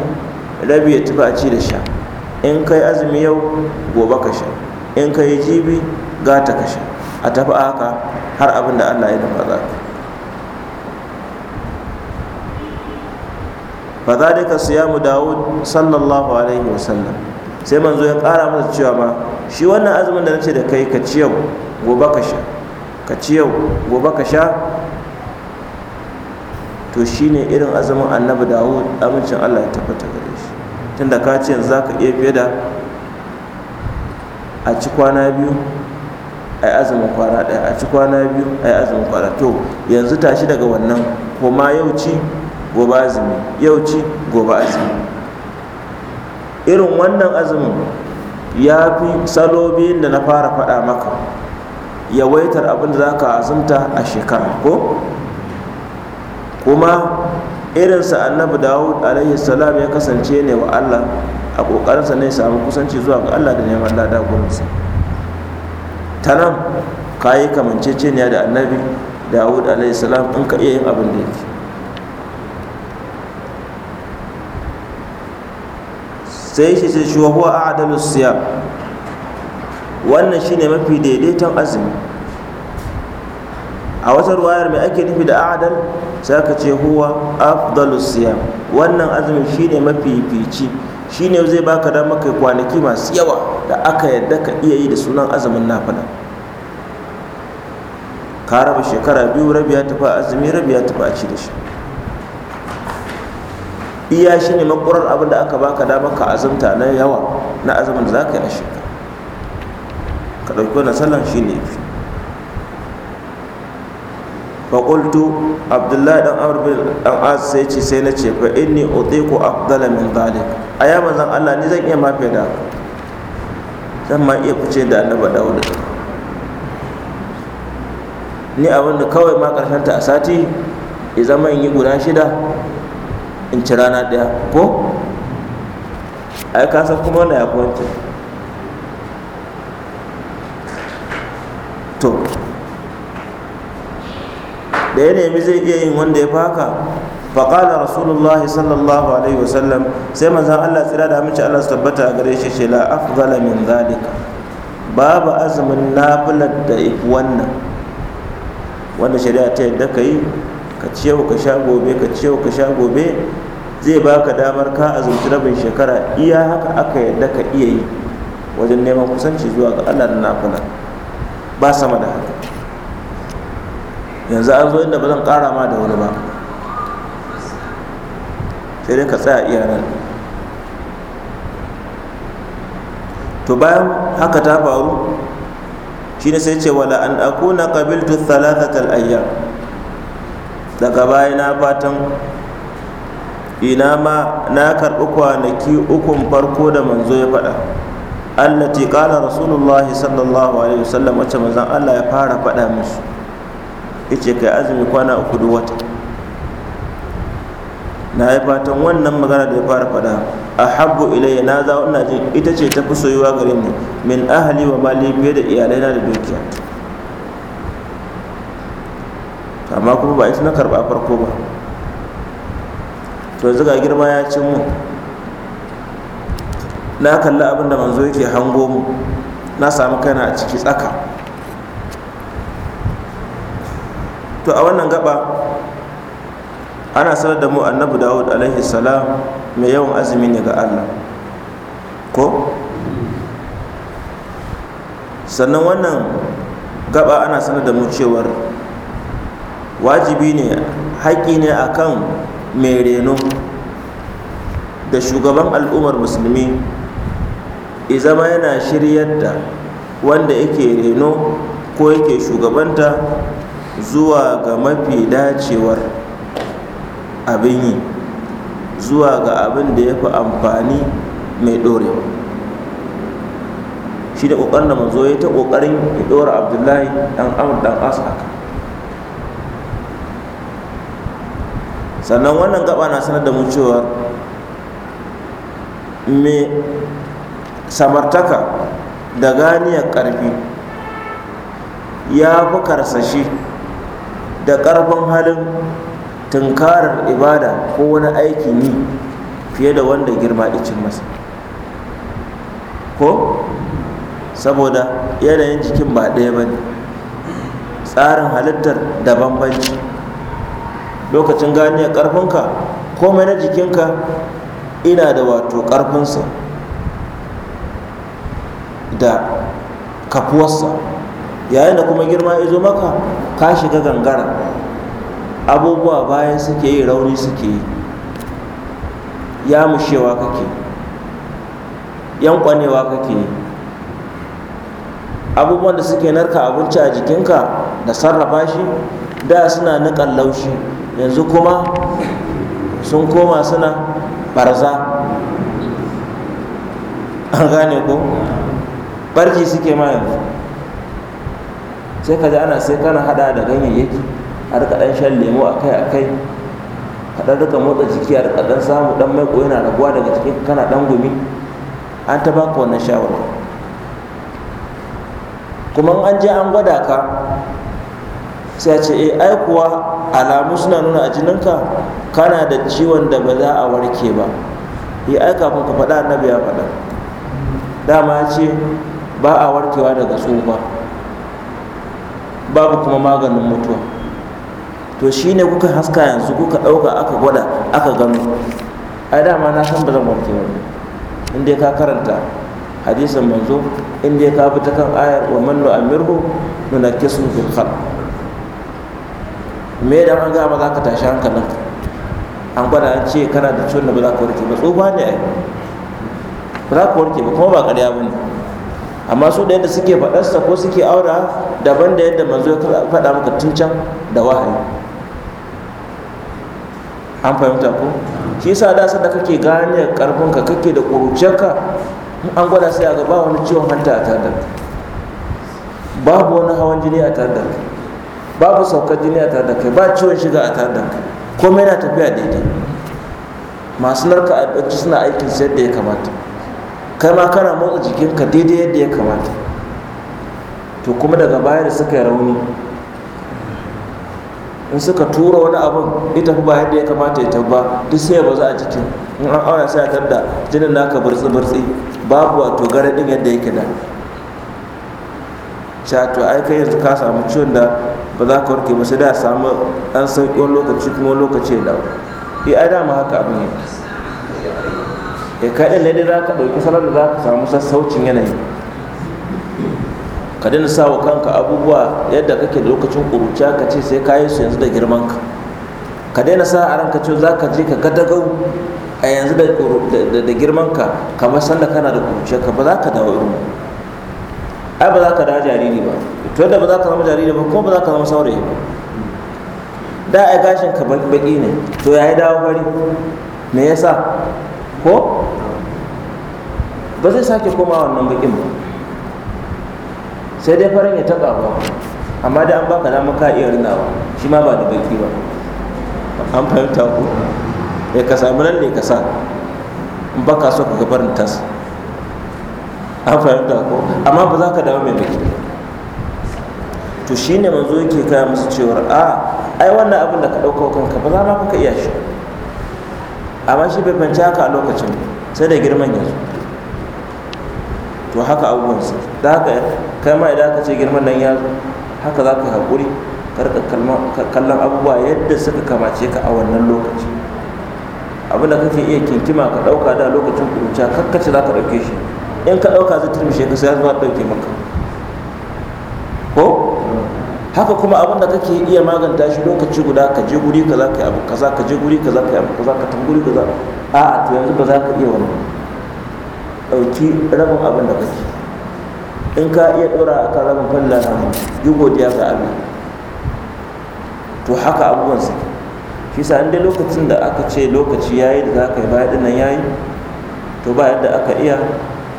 rabi ya tafi a ci da sha in kai azumi yau gobe ka sha in kai jibi gata ka sha a tafi haka har abin da allah ya nufa za ka fa zalika siyamu daud sallallahu alaihi wasallam sai manzo ya kara masa cewa ma shi wannan azumin da nace da kai ka ci yau gobe ka sha ka ci yau gobe ka sha to shine irin azumin annabi daud amincin allah ya tabbata gare shi tunda ka ce yanzu zaka iya fiye da a ci kwana biyu a yi azumin kwana daya a ci kwana biyu a yi azumin kwana to yanzu tashi daga wannan ko ma yau ci gobe azumi yau ci gobe azumi irin wannan azumin ya fi salo biyun da na fara faɗa maka yawaitar abin da za ka azumta a shekara ko kuma irinsa annabi dawud alaihi salam ya kasance ne wa allah a ƙoƙarinsa ne samu kusanci zuwa ga allah da neman lada gurinsa ta nan ka yi kamanceceniya da annabi dawud alaihi salam in ka iya yin abin da yake sai shi sai shi wa huwa a'dalu siyam wannan shine mafi daidaiton azumi a wata ruwayar mai ake nufi da adal sai ka ce huwa afdalu siyam wannan azumin shine mafi fici shine zai baka damar maka kwanaki masu yawa da aka yadda ka iya yi da sunan azumin nafila ka raba shekara biyu rabi ya tafi azumi rabi ya tafi a ci da shi iya shi ne makurar abin da aka baka damar ka azumta na yawa na azumin da za ka yi a shekara ka ɗauki wani sallan shi ne fi faƙultu abdullahi ɗan amur bin ɗan az sai ce sai na ce fa inni utiku abdala min zalik a ya manzan allah ni zan iya mafi da zan ma iya fice da annaba dawuda ni abin da kawai ma ƙarshen ta a sati ya zama in yi guda shida in ci rana ɗaya ko ai ka san kuma wannan ya fi to da ya nemi zai iya yin wanda ya faka faƙala rasulullah sallallahu alaihi wasallam sai manzan allah tsira da amince allah su tabbata a gare shi ce la afdala min zalika babu azumin nafilar da ifi wannan wanda shari'a ta yadda ka yi ka ce wa ka sha gobe ka ce wa ka sha gobe zai baka damar ka azumci rabin shekara iya haka aka yadda ka iya yi wajen neman kusanci zuwa ga Allah na nafila ba sama da haka yanzu an zo inda ba zan kara ma da wani ba sai dai ka tsaya iya nan to bayan haka ta faru shi ne sai ce wala an akuna qabiltu thalathatal ayyam daga baya na fatan ina ma na karɓi kwanaki ukun farko da manzo ya faɗa allati ƙala rasulullahi sallallahu alaihi wasallam wacce manzan Allah ya fara faɗa musu ce kai azumi kwana uku duk wata na yi fatan wannan magana da ya fara faɗa a ahabbu ilayya na za ina jin ita ce ta fi soyuwa gare ni min ahali wa mali fiye da iyalaina da dukiya amma kuma ba ita na karba farko ba to ga girma ya cin mu na kalli abin da manzo yake hango mu na samu kaina a ciki tsaka to a wannan gaba ana sanar da mu annabi dawud alaihi salam mai yawan azumi ne ga allah ko sannan wannan gaba ana sanar da mu cewar wajibi ne haƙƙi ne akan mai reno da shugaban al'ummar musulmi i zama yana shiryar da wanda yake reno ko yake shugabanta zuwa ga mafi dacewar abin yi zuwa ga abin da ya fi amfani mai ɗore. shi da ƙoƙarin da manzo ya ta ƙoƙarin ya ɗora abdullahi ɗan amur ɗan sannan wannan gaba na sanar da mu cewa me samartaka da ganiyar ƙarfi ya fi karsashi da ƙarfin halin tunkarar ibada ko wani aiki ne fiye da wanda girma icin masa ko saboda yanayin jikin ba ɗaya ba ne tsarin halittar da bambanci lokacin ganiyar ƙarfinka komai na jikinka ina da wato ƙarfinsa da kafuwarsa yayin da kuma girma ya zo maka ka shiga gangara abubuwa bayan suke yi rauni suke yi ya mushewa kake yankwanewa kake yi abubuwan da suke narka abinci a jikinka da sarrafa shi da suna niƙan laushi yanzu kuma sun koma suna barza an gane ko barci suke ma yanzu sai ka ji ana sai kana hada da ganyayyaki har ka dan shan lemo akai akai ka dan rika motsa jiki har ka dan samu dan mai yana raguwa daga cikin kana dan gumi an ta baka wannan shawara kuma an je an gwada ka sai ce eh ai kuwa alamu suna nuna a jininka kana da ciwon da ba za a warke ba yi ai kafin ka faɗa annabi ya faɗa dama ya ce ba a warkewa daga tsufa babu kuma maganin mutuwa to shi ne kuka haska yanzu kuka ɗauka aka gwada aka gano ai dama na san ba zan warke ba in dai ka karanta hadisin manzo in dai ka bi ta kan ayar wa man nu'amirhu nunakkisu fil khalq me dan an gama za ka tashi hankalin an gwada an ce kana da ciwon da ba za ka warke ba tsoba ne ba za ka warke ba kuma ba ƙarya ba ne amma su da yadda suke faɗarsa ko suke aura daban da yadda manzo ya faɗa maka tun can da wahayi an fahimta ko shi yasa da da kake gane karfinka kake da ƙuruciyarka an gwada sai a ga ba wani ciwon hanta a tare da babu wani hawan jini a tare da babu saukar jini a tare da kai ba ciwon shiga a tare da kai komai yana tafiya daidai masu narka abinci suna aikin su yadda ya kamata kai ma kana motsa jikinka daidai yadda ya kamata to kuma daga baya da suka yi rauni in suka tura wani abin ya tafi ba yadda ya kamata ya tabba duk sai ba za a jikin in an auna sai a tadda jinin naka burtsi burtsi babu wato garadin yadda yake da cato to ai kai yanzu ka samu ciwon da ba za ka warke ba sai da samu an sauƙi wani lokaci kuma wani lokaci ya dawo ya eh, ai dama haka abin yake ya eh, ka ɗin ne za ka ɗauki salar da za ka samu sassaucin yanayi ka daina sa wa kanka abubuwa yadda kake da lokacin ƙuruciya ka ce sai ka yi su yanzu da girman ka ka daina sa a ranka ce za ka je ka gadagau a yanzu da girman ka kamar sanda kana da ƙuruciya ka ba za ka dawo irin ai ba za ka dawo jariri ba to da ba za ka zama jariri ba ko ba za ka zama saurayi ba da ai gashin ka baki ne to ya yi dawo fari me yasa ko ba zai sake koma wannan bakin ba sai dai farin ya taɓa ba amma da an baka dama ka iya rinawa shi ma ba da baki ba an fahimta ku? ya eh, ka samu nan ne ka sa in baka so ka gabar tas an fahimta ko amma ba za ka dawo mai baki to shi ne manzo yake kaya musu cewar a ai wannan abin da ka ɗauka kanka ba za ma ka iya shi amma shi bai fahimci haka a lokacin sai da girman yanzu to haka abubuwan su da haka kai ma idan aka ce girman nan ya zo haka za ka haƙuri karka kallon abubuwa yadda suka kamace ka a wannan lokaci abin da kake iya kinkima ka ɗauka da lokacin kuruciya kakkace za ka ɗauke shi in ka ɗauka zai turmishe ka sai zuwa ɗauke maka ko haka kuma abin da kake iya maganta shi lokaci guda ka je guri ka za ka yi abu kaza ka je guri ka za ka yi abu kaza ka tafi ka kaza a a to yanzu ba za ka iya wani ɗauki rabin abin da kake in ka iya ɗora a kan rabin falla na yi godiya ga Allah to haka abubuwan su shi sa inda lokacin da aka ce lokaci yayi da za ka yi baya ɗin nan yayi to ba yadda aka iya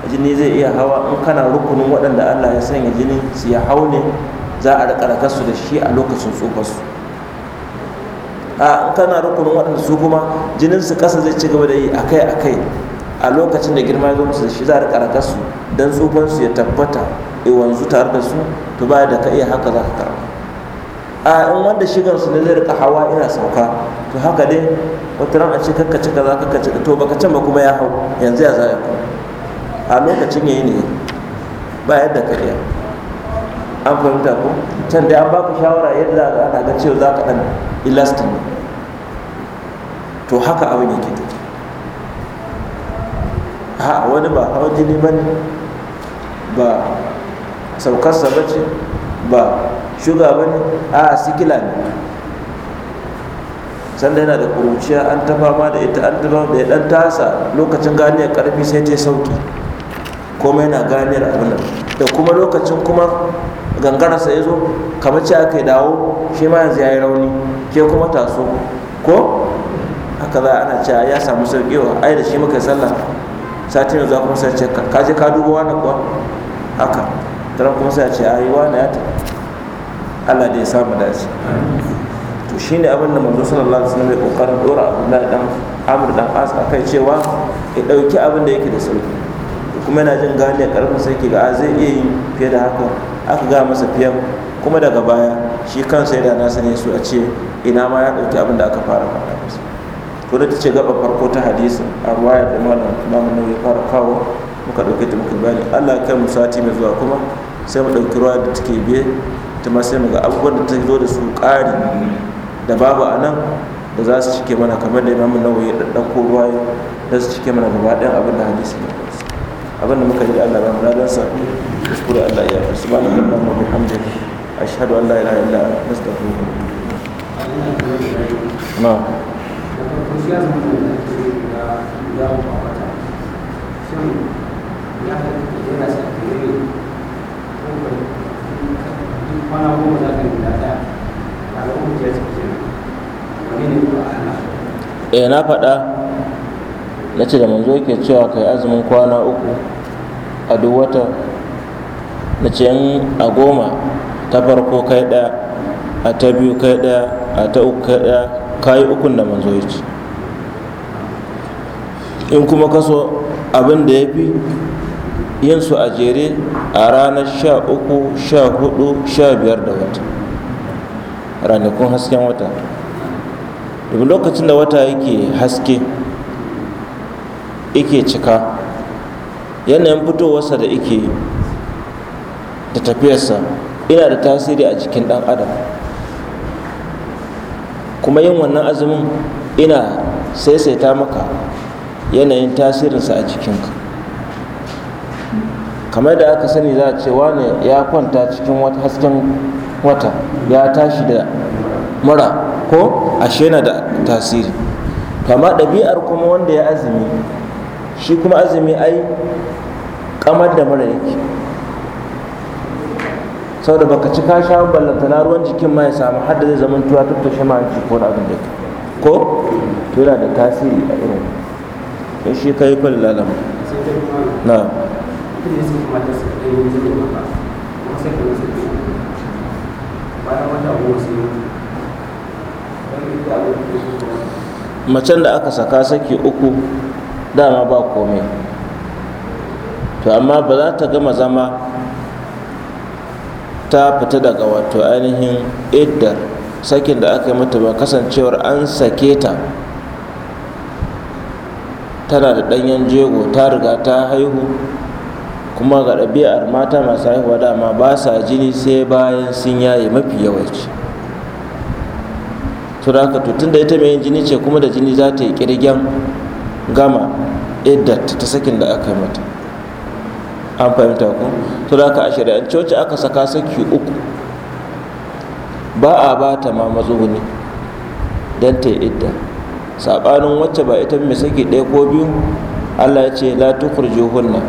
jini zai iya hawa in kana rukunin waɗanda allah ya sanya jini su ya hau ne za a riƙa su da shi a lokacin tsofarsu a in kana rukunin waɗanda su kuma jinin su ƙasa zai ci gaba da yi akai akai a lokacin da girma ya zo musu da shi za a riƙa su don tsufansu ya tabbata ya wanzu tare da su to ba da ka iya haka za ka karɓa a in wanda shigar su ne zai riƙa hawa ina sauka to haka dai wata ran a ce kakkace kaza kakkace to baka can ba kuma ya hau yanzu ya za ya kuma a lokacin yayi ne ba yadda ka iya an fahimta ko can da an baku shawara yadda za ana ga cewa za ka dan ilastin to haka abin yake ha wani ba hawan jini ba ba saukarsa ba ce ba shuga ba ne a sikila ne sanda yana da kuruciya an ta ma da ita an tafa da ya dan tasa lokacin ganiyar karfi sai ta sauki kuma yana ganiyar abin da kuma lokacin kuma gangararsa ya zo kamar ce aka dawo shi ma yanzu ya yi rauni ke kuma taso ko haka za ana cewa ya samu sauƙewa ai da shi muka sallah satin yanzu kuma sai ce ka je ka duba wannan kuwa haka daren kuma sai ce ai wani ya ta? Allah da ya samu dace to shine abin da manzo sallallahu alaihi wasallam ya kokarin dora Abdullahi dan Amr dan As kai cewa ya dauki abin da yake da sauki kuma yana jin gane a karfin sarki ga ah, zai iya yin fiye da haka aka ga masa fiye kuma daga baya shi kansa yana nasa ne su a ce ina ma ya ɗauki abin da aka fara fara masa to da ta ce gaba farko ta hadisi a ruwaya da malam imamu nawawi fara kawo muka ɗauke ta muka bayani Allah kai mu sati mai zuwa kuma sai mu ɗauki ruwa da take biye ta ma sai mu ga abubuwan da ta zo da su ƙari da babu a nan da za su cike mana kamar da imamu nawawi ya ɗaɗɗauko ruwa da su cike mana gaba ɗayan abin da hadisi ne abinda muka yi Allah ba mu ladan sa kuskure Allah ya fi subhanahu wa ta'ala bihamdi ashhadu an la ilaha illa anta astaghfiruka na eh na faɗa na ce da manzo yake cewa kai azumin kwana uku a duk wata na ce a goma ta farko kai ɗaya a ta biyu kai ɗaya a ta uku kai ɗaya kayi ukun da manzo ya ce in kuma kaso abin da ya fi yin su a jere a ranar sha uku sha hudu sha biyar da wata ranakun hasken wata domin lokacin da wata yake haske ike cika yanayin fitowarsa da ike da tafiyarsa ina da tasiri a jikin ɗan adam kuma yin wannan azumin ina saisaita maka yanayin tasirinsa a jikinka kamar da aka sani za a ce wane ya kwanta cikin hasken wata ya tashi da mura ko ashe na da tasiri kama ɗabi'ar kuma wanda ya azumi shi kuma azumi ai kamar da mura yake saboda baka ci ka sha na ruwan jikin ma ya samu har da zai zama tuwa tuttashe ma ci ko da abin da ko to yana da tasiri a irin in shi ka yi kwallo lalama na macen da aka saka saki uku dama ba komai to amma ba za ta gama zama ta fita daga wato ainihin iddar sakin da aka yi mata ba kasancewar an sake ta tana da ɗanyen jego ta riga ta haihu kuma ga ɗabi'ar mata masu haihuwa dama ba sa jini sai bayan sun yaye mafi yawanci to da tunda ita mai jini ce kuma da jini za ta yi ƙirgen gama iddat ta sakin da aka yi mata an fahimta ku to da aka a shari'ance coci aka saka saki uku ba a ba ta ma matsuguni don ta yi idda saɓanin wacce ba ita mai saki ɗaya ko biyu allah ya ce la tukurji hunna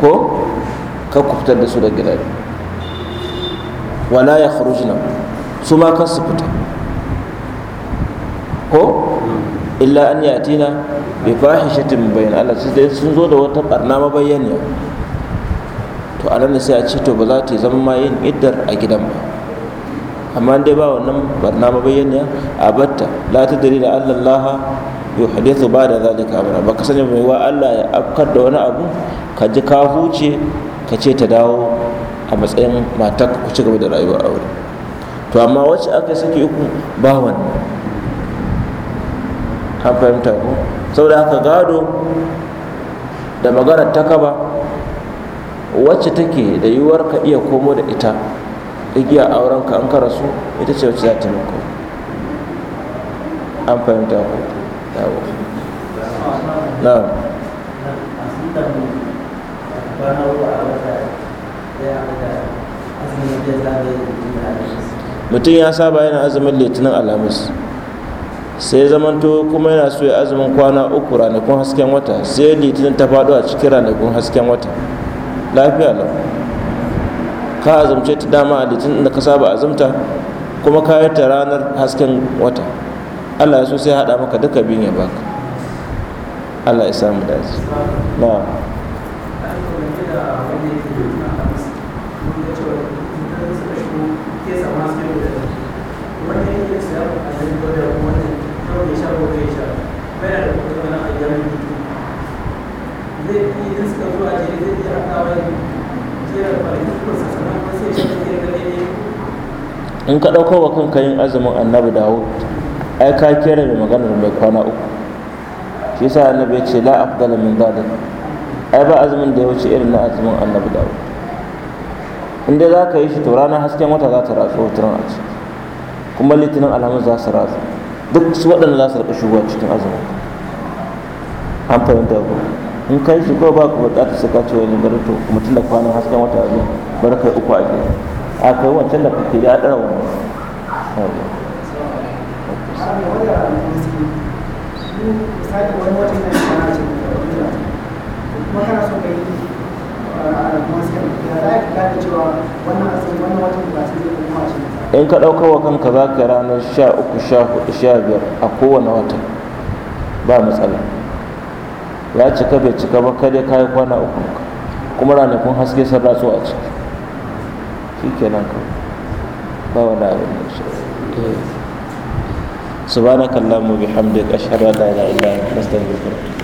ko ka fitar da su da gida wala ya kharujna su ma kan su fita ko illa an yatina bi fahishatin bayan Allah sai dai sun zo da wata barna mabayyaniya to a nan sai a ce to ba za ta zama yin iddar a gidan ba amma dai ba wannan barna mabayyaniya a batta la ta dari da Allah laha yuhdithu ba da zalika amra ba ka sani mai wa Allah ya afkar da wani abu ka ji ka huce ka ce ta dawo a matsayin matar ku ci gaba da rayuwa aure to amma wacce aka saki uku ba wannan an fahimta ko saboda haka gado da maganar kaba wacce take da yiwuwar ka iya komo da ita igiya auren ka an su ita ce wacce za ta mako an fahimta ko na mutum ya saba yana azumin litinin alhamis sai zamanto kuma yana so ya azumin kwana uku ranakun hasken wata sai litinin ta faɗo a cikin ranakun hasken wata lafiya lau ka azumce ta dama a litinin da ka saba azumta kuma ka yi ta ranar hasken wata allah ya so sai haɗa maka duka biyun ya baka allah ya samu dace na'am in ka ɗauko wa kanka yin azumin annabi dawud ai ka kera da maganar mai kwana uku shi sa annabi ya ce la afdala min dalil ai ba azumin da ya wuce irin na azumin annabi dawud in dai za ka yi shi to ranar hasken wata za ta ratsu wata a ciki kuma litinin alhamis za su ratsu duk su waɗanda za su riƙa shigowa cikin azumin an fahimta ku in kai shi ko ba ku ba ta ka ce wani gari to kuma da kwanan hasken wata abu zuwa bari kai uku a ke a kai wancan da kake da dara wani in ka ɗauka wa kanka za ka ranar sha uku sha hudu sha biyar a kowane wata ba matsala ya cika bai cika ba kai ka yi kwana uku kuma ranakun haske sun ratsu a ciki shi ke nan kawai ba wani abin da shi eh. subhanakallahumma bihamdika ashhadu an la ilaha illa anta astaghfiruka